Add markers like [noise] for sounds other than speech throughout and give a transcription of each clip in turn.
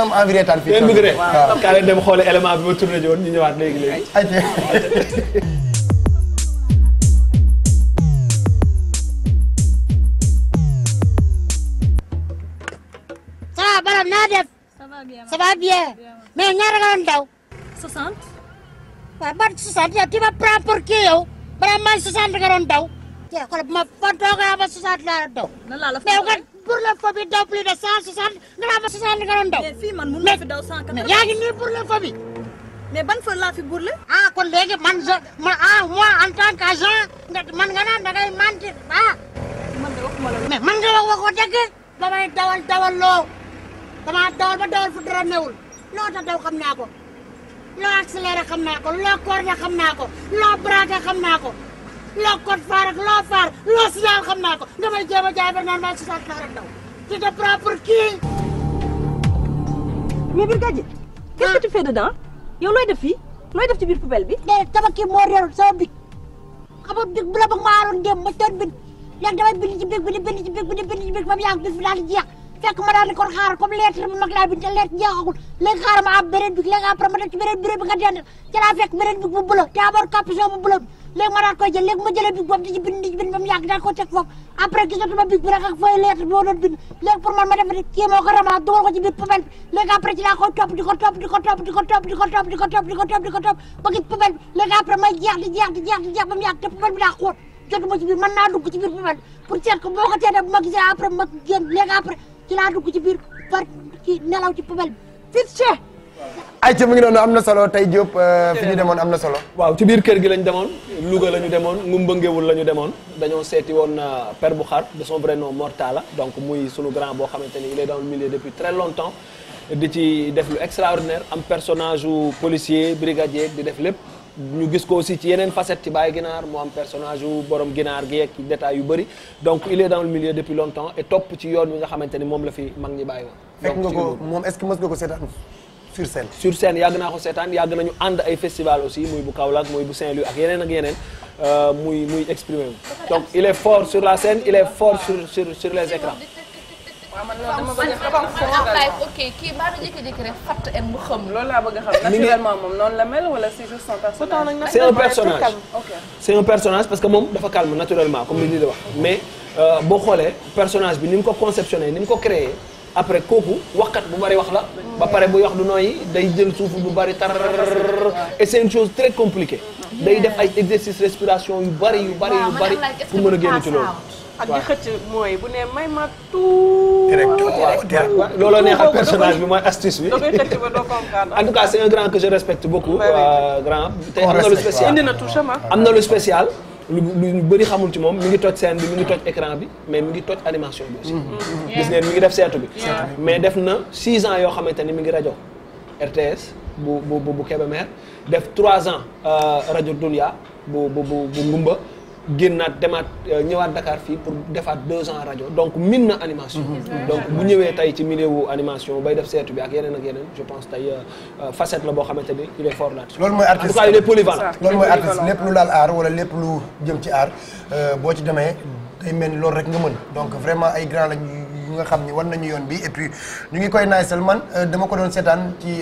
am envie reetaan fii leen bëgg rek waaw kaa leen dem xoole élément bi ma tourné ji woon ñu ñëwaat léegi léegi [laughs] ça va baram naa def ça va bien mais ñaata nga doon daw 60 waaw ban 60 yow tu ma prends pour qui yow baram man 60 nga doon daw te xool bu ma fantoo nga ba 60 laa doon daw pour le fo bi daw plus de cent soixante nga naa ba soixante nga doon daw. mais fii man mun na fi daw cent quatre. yaa le fo bi. mais ban fa laa fi burle. ah kon léegi man je man ah moi en tant qu'agent man nga naan da ngay mentir ah. man nga wax waxoo dëgg. damay dawal dawal loo damaa dawal ba dawal fu dara newul loo tax daw xam naa ko loo accéléré xam naa ko loo corné xam naa ko loo braqué xam naa ko. loo code faar ak loo faar loo signal xam naa ko nga may jéem a jaay ba naan maa si saat faar ak daw tu te prends pour qui. mais Birgadji. qu'est-ce que tu fais dedans yow looy def fii looy def ci bi. déedéet eh, tabax kii moo réerul sama big xam nga big bu la bëgg maa aroon démb ma toon bind léegi damay bind ci big bi di bind ci big bi ci big ba mu yàgg big bi daal di jeex fekk ma daal di ko xaar comme lettre bu mag laa bind te lettre jeexagul léegi xaaral ma a beneen big léegi ma def ci beneen bureau bi nga léegi ma daal koy jël léegi ma jëlee big boobu di ci bind di ci bind ba mu yàgg daal ko teg foofu après gisatuma big bi nag ak fooy lettre boo doon bind léegi pour man ma def ni kii moo ko ramas dugal ko ci biir poubelle bi léegi après ci laa ko topp di ko topp di ko topp di ko topp di ko topp di ko topp di ko topp di ko topp ba gis poubelle bi léegi après may jeex di jeex di jeex di jeex ba mu yàgg te poubelle bi daa xóot jotuma ci biir mën naa dugg ci biir poubelle pour seet ko boo ko teelee bu ma gisee après ma génn léegi après ci laa dugg ci biir par kii nelaw ci poubelle bi vite ay ci mu ngi noonu am na solo tey Diop euh, fi ñu demoon am na solo waaw ci biir kër gi lañ demoon Louga la ñu demoon ngumbëngewul la ñu demoon dañoo seeti woon na euh, per bu xar de son vrai nom Mortala donc muy sunu grand boo xamante ni il est dans le milieu depuis très longtemps di ci def lu extraordinaire am personnage u policier brigadier di def lép ñu gis ko aussi ci yeneen facette ci Baye Ginaar mu am personnage wu borom ginaar gi ak détails yu bëri donc il est dans le yoon wi nga xamante moom la fi mag ñi bàyyi woon fekk nga ko moom est-ce sur scène sur scène yàgg naa ko seetaan yàgg nañu ànd ay festival aussi muy bu Kaolack muy bu Saint-Louis ak yeneen ak yeneen euh, muy muy exprimer wu donc il est fort sur la scène il est fort sur sur sur les écrans waaw kii baax na jékki-jékki rek fàtt en mu xam. loolu laa bëgg a xam naturellement moom noonu la mel wala c'est juste son personnage. c'est naturellement comme li di wax mais euh, boo xoolee personnage bi ni mu ko conceptionné ni mu ko créé. après kooku waxkat bu bari wax la. ba pare bu wax du nooyi day jël suuf bu bari tar. et c'est une chose très compliquée. day def ay exercice respiration yu bari yu bari yu bari. pour mën a génn ci loolu. ak di xëcc mooy bu ne may ma tuuti rek. waaw looloo neexal personnage bi mooy astuce bi. en tout cas c'est un grand que je respecte beaucoup. Euh, grand tey am na lu spécial. am na lu spécial. lu lu bëri xamul ci moom mi ngi toj scène bi mi ngi toj écran bi mais mi ngi toj animation bi aussi mm-hmm. gis ngeen mi ngi def seetu bi mais def na six ans yoo xamante ni mu ngi rajo RTS bu bu bu Kébémer def trois ans euh, rajo Dunia bu bu bu Ngumba génnaat demaat euh, ñëwaat Dakar fii pour defaat deux ans rajo donc min na animation mhm. donc bu ñëwee tey ci milieu wu animation bay def seetu bi ak yeneen ak yeneen je pense tey euh, euh, facette la boo xamante ni il est fort là loolu mooy artiste en tout cas lu jëm ci aar boo ci demee day mel loolu rek nga mën donc vraiment ay grand lañ yu nga xam ni war nañu yoon bi et puis ñu ngi koy naaj man dama ko doon seetaan ci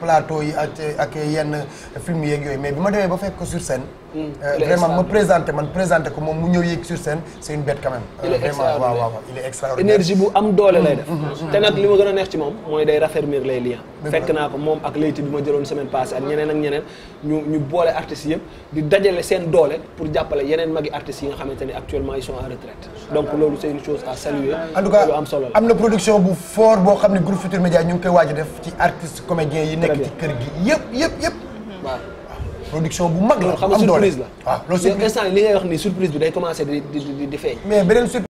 plateau yi ak ak yenn film yeeg yooyu mais bi ma demee ba fekk ko sur scène Mm. Euh, vraiment ma présenté man présenté ko moom mu ñëw yéeg sur scène c' est une bête quand même. Euh, bu am doole lay def. Mm-hmm. te nag li ma gën a neex ci moom mooy day raffermir les liens. fekk naa ko moom ak layti bi ma jëloon semaine passée ak ñeneen ak ñeneen ñu boole artistes yëpp di dajale seen doole pour jàppale yeneen magi artistes yi nga xamante ne actuellement ils sont en retraite donc loolu c' est une chose à saluer. en tout cas am solo am na production bu fort boo xam ne groupe Futur Média ñu yi nekk ci kër gi yëpp yëpp yëpp waaw production bu mag la. am doole loolu surprise bi day commencé di